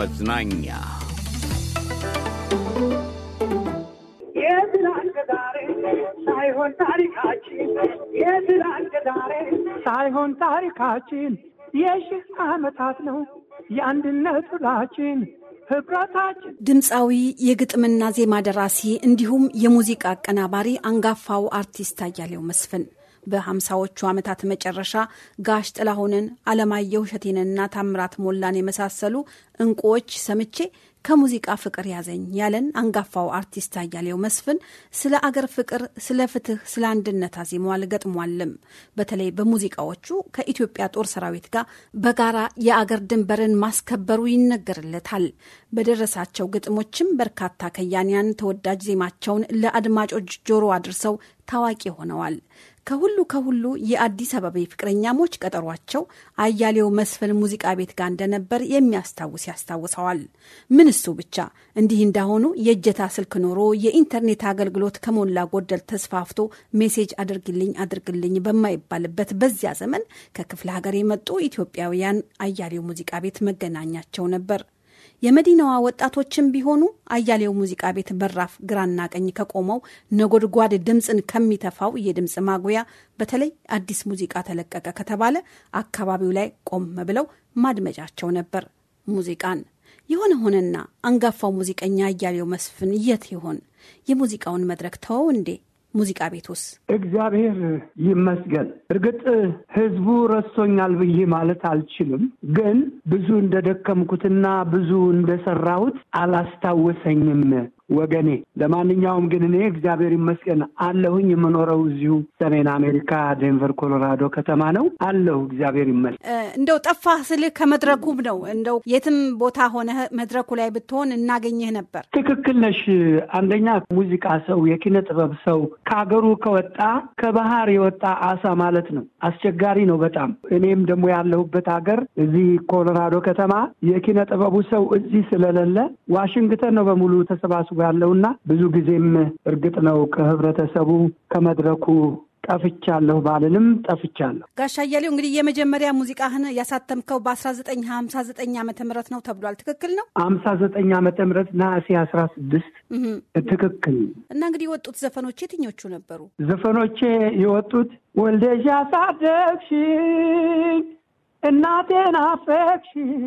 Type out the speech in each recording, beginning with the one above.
መዝናኛ ሳይሆን ታሪካችን የትናንት ዛሬ ሳይሆን ታሪካችን የሺህ ዓመታት ነው የአንድነት ሁላችን ድምፃዊ የግጥምና ዜማ ደራሲ እንዲሁም የሙዚቃ አቀናባሪ አንጋፋው አርቲስት አያሌው መስፍን በሀምሳዎቹ ዓመታት መጨረሻ ጋሽ ጥላሁንን፣ አለማየሁ እሸቴንና ታምራት ሞላን የመሳሰሉ እንቁዎች ሰምቼ ከሙዚቃ ፍቅር ያዘኝ ያለን አንጋፋው አርቲስት አያሌው መስፍን ስለ አገር ፍቅር፣ ስለ ፍትህ፣ ስለ አንድነት አዜሟል ገጥሟልም። በተለይ በሙዚቃዎቹ ከኢትዮጵያ ጦር ሰራዊት ጋር በጋራ የአገር ድንበርን ማስከበሩ ይነገርለታል። በደረሳቸው ግጥሞችም በርካታ ከያንያን ተወዳጅ ዜማቸውን ለአድማጮች ጆሮ አድርሰው ታዋቂ ሆነዋል። ከሁሉ ከሁሉ የአዲስ አበባ ፍቅረኛሞች ቀጠሯቸው አያሌው መስፍን ሙዚቃ ቤት ጋር እንደነበር የሚያስታውስ ያስታውሰዋል። ምን እሱ ብቻ እንዲህ እንዳሆኑ የእጀታ ስልክ ኖሮ የኢንተርኔት አገልግሎት ከሞላ ጎደል ተስፋፍቶ ሜሴጅ አድርግልኝ አድርግልኝ በማይባልበት በዚያ ዘመን ከክፍለ ሀገር የመጡ ኢትዮጵያውያን አያሌው ሙዚቃ ቤት መገናኛቸው ነበር። የመዲናዋ ወጣቶችም ቢሆኑ አያሌው ሙዚቃ ቤት በራፍ ግራና ቀኝ ከቆመው ነጎድጓድ ድምፅን ከሚተፋው የድምፅ ማጉያ በተለይ አዲስ ሙዚቃ ተለቀቀ ከተባለ አካባቢው ላይ ቆም ብለው ማድመጫቸው ነበር ሙዚቃን። የሆነ ሆነና አንጋፋው ሙዚቀኛ እያሌው መስፍን የት ይሆን? የሙዚቃውን መድረክ ተወው እንዴ? ሙዚቃ ቤቱስ? እግዚአብሔር ይመስገን። እርግጥ ህዝቡ ረስቶኛል ብዬ ማለት አልችልም፣ ግን ብዙ እንደደከምኩትና ብዙ እንደሰራሁት አላስታወሰኝም። ወገኔ። ለማንኛውም ግን እኔ እግዚአብሔር ይመስገን አለሁኝ። የምኖረው እዚሁ ሰሜን አሜሪካ ዴንቨር ኮሎራዶ ከተማ ነው አለሁ። እግዚአብሔር ይመስገን። እንደው ጠፋህ ስልህ ከመድረኩም ነው እንደው የትም ቦታ ሆነ መድረኩ ላይ ብትሆን እናገኝህ ነበር። ትክክል ነሽ። አንደኛ ሙዚቃ ሰው፣ የኪነ ጥበብ ሰው ከሀገሩ ከወጣ ከባህር የወጣ አሳ ማለት ነው። አስቸጋሪ ነው በጣም። እኔም ደግሞ ያለሁበት ሀገር እዚህ ኮሎራዶ ከተማ የኪነ ጥበቡ ሰው እዚህ ስለሌለ ዋሽንግተን ነው በሙሉ ተሰባስቦ ያለው ያለውና ብዙ ጊዜም እርግጥ ነው ከህብረተሰቡ ከመድረኩ ጠፍቻለሁ ባልንም ጠፍቻለሁ። ጋሻ አያሌው እንግዲህ የመጀመሪያ ሙዚቃህን ያሳተምከው በአስራ ዘጠኝ ሀምሳ ዘጠኝ ዓመተ ምህረት ነው ተብሏል። ትክክል ነው? ሀምሳ ዘጠኝ ዓመተ ምህረት ነሐሴ አስራ ስድስት ትክክል። እና እንግዲህ የወጡት ዘፈኖቼ የትኞቹ ነበሩ? ዘፈኖቼ የወጡት ወልደሽ ያሳደግሽኝ እናቴን አፈቅሽኝ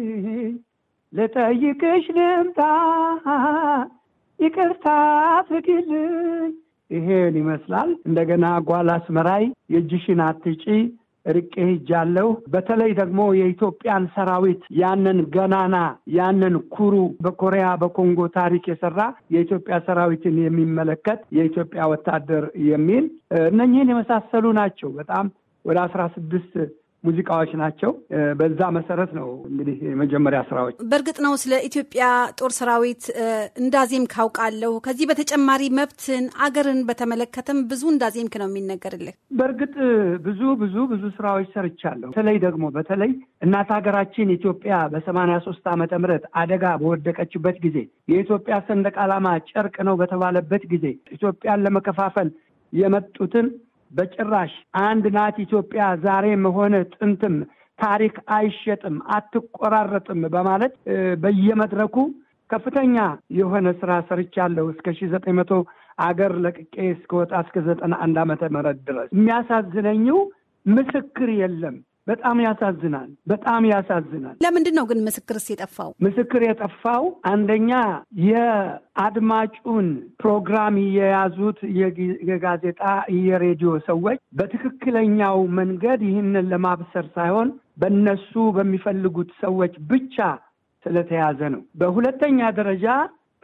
ልጠይቅሽ ልምጣ ይቅርታ ፍቅልኝ። ይሄን ይመስላል። እንደገና ጓል አስመራይ የእጅሽን አትጪ ርቄ ሄጃለሁ። በተለይ ደግሞ የኢትዮጵያን ሰራዊት ያንን ገናና ያንን ኩሩ በኮሪያ በኮንጎ ታሪክ የሰራ የኢትዮጵያ ሰራዊትን የሚመለከት የኢትዮጵያ ወታደር የሚል እነኚህን የመሳሰሉ ናቸው። በጣም ወደ አስራ ስድስት ሙዚቃዎች ናቸው። በዛ መሰረት ነው እንግዲህ የመጀመሪያ ስራዎች። በእርግጥ ነው ስለ ኢትዮጵያ ጦር ሰራዊት እንዳዜም ካውቃለሁ። ከዚህ በተጨማሪ መብትን፣ አገርን በተመለከተም ብዙ እንዳዜምክ ነው የሚነገርልህ። በእርግጥ ብዙ ብዙ ብዙ ስራዎች ሰርቻለሁ። በተለይ ደግሞ በተለይ እናት ሀገራችን ኢትዮጵያ በሰማንያ ሶስት ዓመተ ምህረት አደጋ በወደቀችበት ጊዜ የኢትዮጵያ ሰንደቅ ዓላማ ጨርቅ ነው በተባለበት ጊዜ ኢትዮጵያን ለመከፋፈል የመጡትን በጭራሽ አንድ ናት ኢትዮጵያ ዛሬ ሆነ ጥንትም ታሪክ አይሸጥም፣ አትቆራረጥም በማለት በየመድረኩ ከፍተኛ የሆነ ስራ ሰርቻለሁ እስከ ሺ ዘጠኝ መቶ አገር ለቅቄ እስከወጣ እስከ ዘጠና አንድ አመተ ምህረት ድረስ የሚያሳዝነኝው ምስክር የለም። በጣም ያሳዝናል። በጣም ያሳዝናል። ለምንድን ነው ግን ምስክርስ የጠፋው? ምስክር የጠፋው አንደኛ የአድማጩን ፕሮግራም የያዙት የጋዜጣ የሬዲዮ ሰዎች በትክክለኛው መንገድ ይህንን ለማብሰር ሳይሆን በነሱ በሚፈልጉት ሰዎች ብቻ ስለተያዘ ነው። በሁለተኛ ደረጃ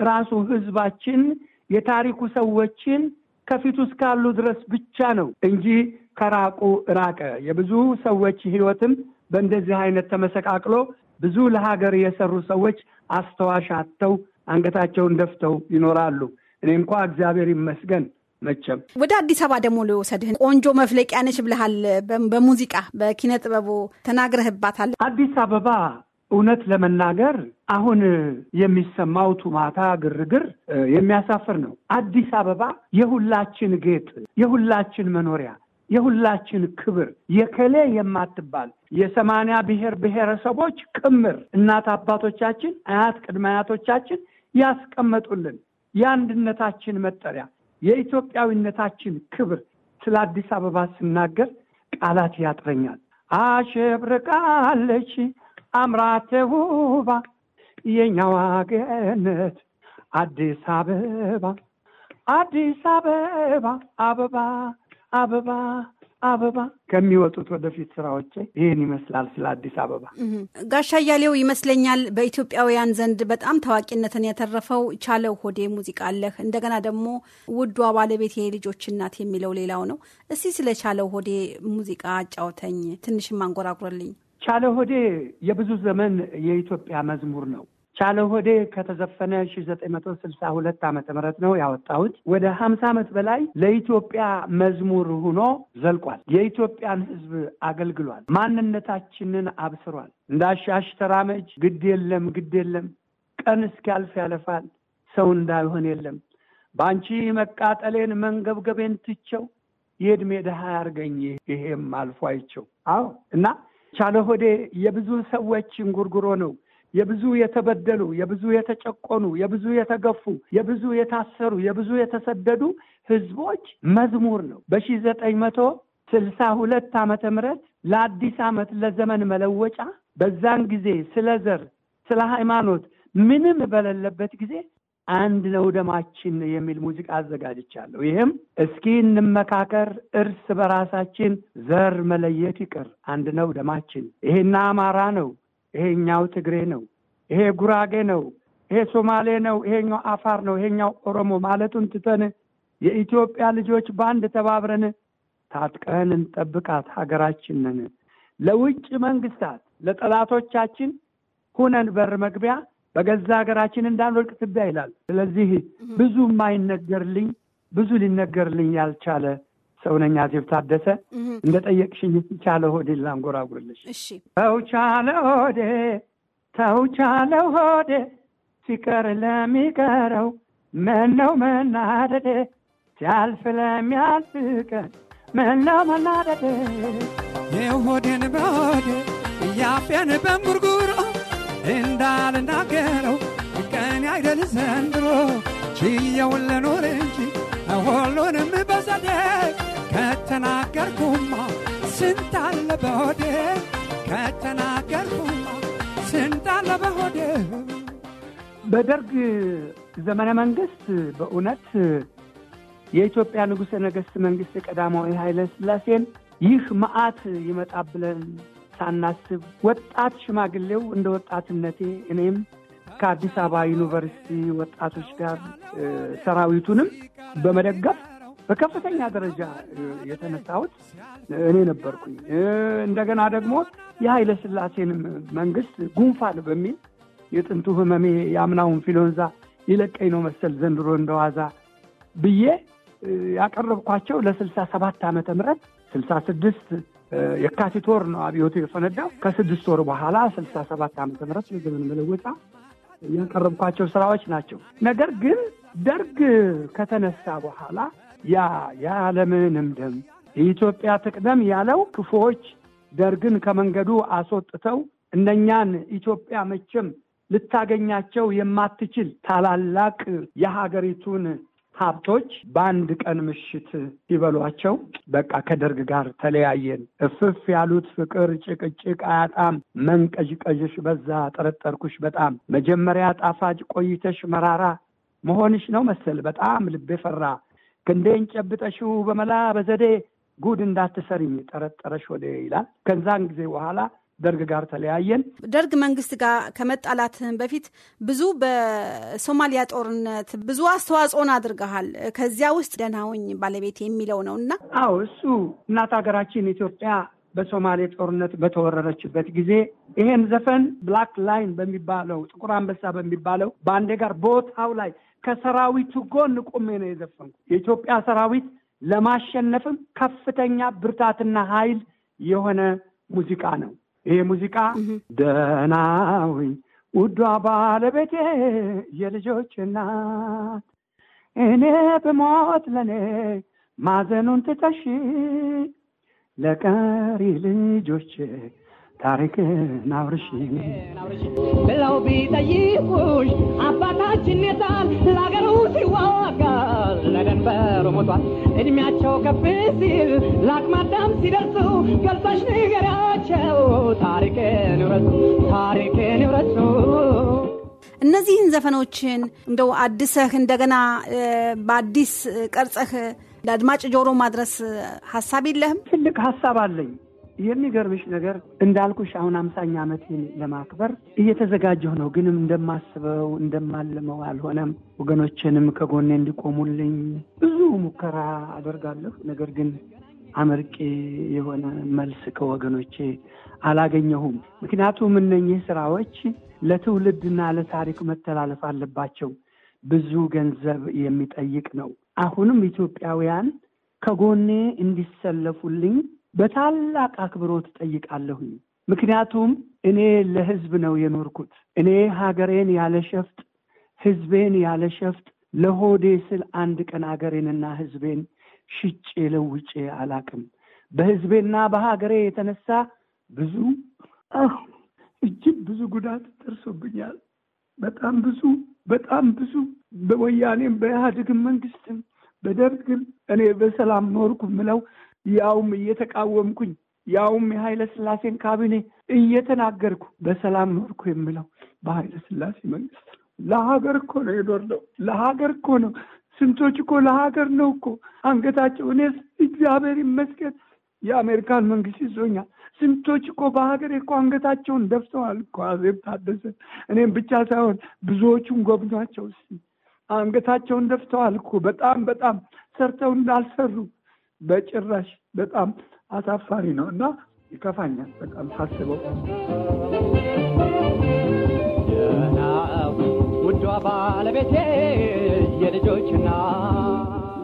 ራሱ ህዝባችን የታሪኩ ሰዎችን ከፊቱ እስካሉ ድረስ ብቻ ነው እንጂ ከራቁ ራቀ። የብዙ ሰዎች ህይወትም በእንደዚህ አይነት ተመሰቃቅሎ ብዙ ለሀገር የሰሩ ሰዎች አስተዋሽ አጥተው አንገታቸውን ደፍተው ይኖራሉ። እኔ እንኳ እግዚአብሔር ይመስገን መቼም ወደ አዲስ አበባ ደግሞ ልወሰድህ። ቆንጆ መፍለቂያ ነች ብለሃል። በሙዚቃ በኪነ ጥበቡ ተናግረህባታል። አዲስ አበባ እውነት ለመናገር አሁን የሚሰማው ቱማታ፣ ግርግር የሚያሳፍር ነው። አዲስ አበባ የሁላችን ጌጥ፣ የሁላችን መኖሪያ የሁላችን ክብር የከሌ የማትባል የሰማንያ ብሔር ብሔረሰቦች ክምር እናት አባቶቻችን፣ አያት ቅድመ አያቶቻችን ያስቀመጡልን የአንድነታችን መጠሪያ የኢትዮጵያዊነታችን ክብር ስለ አዲስ አበባ ስናገር ቃላት ያጥረኛል። አሸብርቃለች አምራት ውባ የኛዋ ገነት አዲስ አበባ አዲስ አበባ አበባ አበባ አበባ ከሚወጡት ወደፊት ስራዎች ይህን ይመስላል። ስለ አዲስ አበባ ጋሻ እያሌው ይመስለኛል በኢትዮጵያውያን ዘንድ በጣም ታዋቂነትን ያተረፈው ቻለው ሆዴ ሙዚቃ አለህ። እንደገና ደግሞ ውዷ ባለቤት የልጆች እናት የሚለው ሌላው ነው። እስቲ ስለ ቻለው ሆዴ ሙዚቃ አጫውተኝ፣ ትንሽም አንጎራጉረልኝ። ቻለ ሆዴ የብዙ ዘመን የኢትዮጵያ መዝሙር ነው። ቻለ ሆዴ ከተዘፈነ ሁለት ዓ ም ነው ያወጣሁት። ወደ ሀምሳ ዓመት በላይ ለኢትዮጵያ መዝሙር ሆኖ ዘልቋል። የኢትዮጵያን ሕዝብ አገልግሏል። ማንነታችንን አብስሯል። እንዳሻሽ ተራመጅ፣ ግድ የለም ግድ የለም፣ ቀን እስኪያልፍ ያለፋል፣ ሰው እንዳይሆን የለም፣ በአንቺ መቃጠሌን መንገብገቤን ትቸው፣ የእድሜ ድሃ ያርገኝ ይሄም አልፎ አይቸው። አዎ እና ቻለ ሆዴ የብዙ ሰዎች እንጉርጉሮ ነው። የብዙ የተበደሉ፣ የብዙ የተጨቆኑ፣ የብዙ የተገፉ፣ የብዙ የታሰሩ፣ የብዙ የተሰደዱ ህዝቦች መዝሙር ነው። በሺ ዘጠኝ መቶ ስልሳ ሁለት ዓመተ ምህረት ለአዲስ ዓመት ለዘመን መለወጫ በዛን ጊዜ ስለ ዘር ስለ ሃይማኖት ምንም በሌለበት ጊዜ አንድ ነው ደማችን የሚል ሙዚቃ አዘጋጅቻለሁ። ይህም እስኪ እንመካከር እርስ በራሳችን ዘር መለየት ይቅር፣ አንድ ነው ደማችን። ይሄና አማራ ነው ይሄኛው ትግሬ ነው፣ ይሄ ጉራጌ ነው፣ ይሄ ሶማሌ ነው፣ ይሄኛው አፋር ነው፣ ይሄኛው ኦሮሞ ማለቱን ትተን የኢትዮጵያ ልጆች በአንድ ተባብረን ታጥቀን እንጠብቃት ሀገራችንን ለውጭ መንግስታት፣ ለጠላቶቻችን ሁነን በር መግቢያ በገዛ ሀገራችን እንዳንወድቅ ትቢያ ይላል። ስለዚህ ብዙ የማይነገርልኝ ብዙ ሊነገርልኝ ያልቻለ ሰውነኛ ዜብ ታደሰ እንደጠየቅሽኝ ቻለ ሆዴ ላንጎራጉርልሽ። ተውቻለ ሆዴ ተውቻለ ሆዴ ሲቀር ለሚቀረው ምነው መናደዴ ሲያልፍ ለሚያልፍ ቀን ምነው መናደዴ የሆዴን በሆዴ እያፌን በንጉርጉሮ እንዳልናገረው ቀን አይደል ዘንድሮ እንጂ ሁሉንም በዘዴ ከተናገርኩማ በሆዴ ከተናገርኩማ በሆዴ። በደርግ ዘመነ መንግስት በእውነት የኢትዮጵያ ንጉሠ ነገሥት መንግስት ቀዳማዊ ኃይለ ሥላሴን ይህ መዓት ይመጣ ብለን ሳናስብ ወጣት ሽማግሌው እንደ ወጣትነቴ እኔም ከአዲስ አበባ ዩኒቨርሲቲ ወጣቶች ጋር ሰራዊቱንም በመደገፍ በከፍተኛ ደረጃ የተነሳሁት እኔ ነበርኩኝ። እንደገና ደግሞ የኃይለ ስላሴንም መንግስት ጉንፋን በሚል የጥንቱ ህመሜ የአምናውን ፊሎንዛ ይለቀኝ ነው መሰል ዘንድሮ እንደዋዛ ብዬ ያቀረብኳቸው ለስልሳ ሰባት ዓመተ ምህረት ስልሳ ስድስት የካቲት ወር ነው አብዮቱ የፈነዳው። ከስድስት ወር በኋላ ስልሳ ሰባት ዓመተ ምህረት መለወጫ ያቀረብኳቸው ስራዎች ናቸው። ነገር ግን ደርግ ከተነሳ በኋላ ያ ያለምንም ደም የኢትዮጵያ ትቅደም ያለው ክፉዎች ደርግን ከመንገዱ አስወጥተው እነኛን ኢትዮጵያ መቼም ልታገኛቸው የማትችል ታላላቅ የሀገሪቱን ሀብቶች በአንድ ቀን ምሽት ሲበሏቸው በቃ ከደርግ ጋር ተለያየን። እፍፍ ያሉት ፍቅር ጭቅጭቅ አያጣም። መንቀዥቀዥሽ በዛ ጠረጠርኩሽ በጣም መጀመሪያ ጣፋጭ ቆይተሽ መራራ መሆንሽ ነው መሰል በጣም ልቤ ፈራ። ክንዴን ጨብጠሽው በመላ በዘዴ ጉድ እንዳትሰሪኝ ጠረጠረሽ ወደ ይላል። ከዛን ጊዜ በኋላ ደርግ ጋር ተለያየን። ደርግ መንግስት ጋር ከመጣላትህን በፊት ብዙ በሶማሊያ ጦርነት ብዙ አስተዋጽኦን አድርገሃል። ከዚያ ውስጥ ደናውኝ ባለቤት የሚለው ነው እና አዎ እሱ እናት ሀገራችን ኢትዮጵያ በሶማሌ ጦርነት በተወረረችበት ጊዜ ይሄን ዘፈን ብላክ ላይን በሚባለው ጥቁር አንበሳ በሚባለው በአንዴ ጋር ቦታው ላይ ከሰራዊቱ ጎን ቆሜ ነው የዘፈንኩ። የኢትዮጵያ ሰራዊት ለማሸነፍም ከፍተኛ ብርታትና ኃይል የሆነ ሙዚቃ ነው። ይሄ ሙዚቃ ደህናዊ ውዷ ባለቤቴ የልጆች እናት እኔ ብሞት ለእኔ ማዘኑን ትተሽ ለቀሪ ልጆች ታሪክ ናብርሽ ብለው ቢጠይቁሽ አባታችን የታል? ለሀገሩ ሲዋጋል ለደንበር ሞቷል። እድሜያቸው ከፍ ሲል ለአቅመ አዳም ሲደርሱ ገልጸሽ ንገሪ እነዚህን ዘፈኖችን እንደው አድሰህ እንደገና በአዲስ ቀርጸህ ለአድማጭ ጆሮ ማድረስ ሀሳብ የለህም? ትልቅ ሀሳብ አለኝ። የሚገርምሽ ነገር እንዳልኩሽ አሁን አምሳኛ ዓመቴን ለማክበር እየተዘጋጀሁ ነው። ግንም እንደማስበው እንደማልመው አልሆነም። ወገኖችንም ከጎኔ እንዲቆሙልኝ ብዙ ሙከራ አደርጋለሁ። ነገር ግን አመርቂ የሆነ መልስ ከወገኖቼ አላገኘሁም። ምክንያቱም እነኚህ ስራዎች ለትውልድና ለታሪክ መተላለፍ አለባቸው። ብዙ ገንዘብ የሚጠይቅ ነው። አሁንም ኢትዮጵያውያን ከጎኔ እንዲሰለፉልኝ በታላቅ አክብሮት ጠይቃለሁኝ። ምክንያቱም እኔ ለህዝብ ነው የኖርኩት። እኔ ሀገሬን ያለ ሸፍጥ፣ ህዝቤን ያለ ሸፍጥ ለሆዴ ስል አንድ ቀን ሀገሬንና ህዝቤን ሽጬ ለውጬ አላቅም። በህዝቤና በሀገሬ የተነሳ ብዙ እጅግ ብዙ ጉዳት ደርሶብኛል። በጣም ብዙ በጣም ብዙ በወያኔም በኢህአዴግም መንግስትም በደርግም እኔ በሰላም ኖርኩ ምለው ያውም እየተቃወምኩኝ ያውም የኃይለ ስላሴን ካቢኔ እየተናገርኩ በሰላም ኖርኩ የምለው በኃይለ ስላሴ መንግስት ነው። ለሀገር እኮ ነው የኖርነው። ለሀገር እኮ ነው ስንቶች እኮ ለሀገር ነው እኮ አንገታቸው። እኔ እግዚአብሔር ይመስገን የአሜሪካን መንግስት ይዞኛል። ስንቶች እኮ በሀገሬ እኮ አንገታቸውን ደፍተዋል እኮ አዜብ ታደሰ፣ እኔም ብቻ ሳይሆን ብዙዎቹን ጎብኟቸው እስኪ። አንገታቸውን ደፍተዋል እኮ በጣም በጣም ሰርተው እንዳልሰሩ በጭራሽ በጣም አሳፋሪ ነው እና ይከፋኛል በጣም ሳስበው። ውዷ ባለቤቴ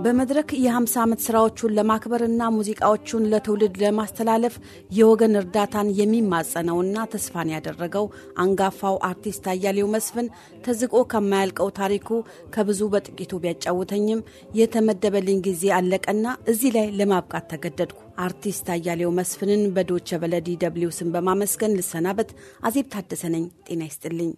በመድረክ የ50 ዓመት ስራዎቹን ለማክበርና ሙዚቃዎቹን ለትውልድ ለማስተላለፍ የወገን እርዳታን የሚማጸነውና ተስፋን ያደረገው አንጋፋው አርቲስት አያሌው መስፍን ተዝቆ ከማያልቀው ታሪኩ ከብዙ በጥቂቱ ቢያጫውተኝም የተመደበልኝ ጊዜ አለቀና እዚህ ላይ ለማብቃት ተገደድኩ። አርቲስት አያሌው መስፍንን በዶቸ በለዲ ዲ ስም በማመስገን ልሰናበት። አዜብ ታደሰ ነኝ። ጤና ይስጥልኝ።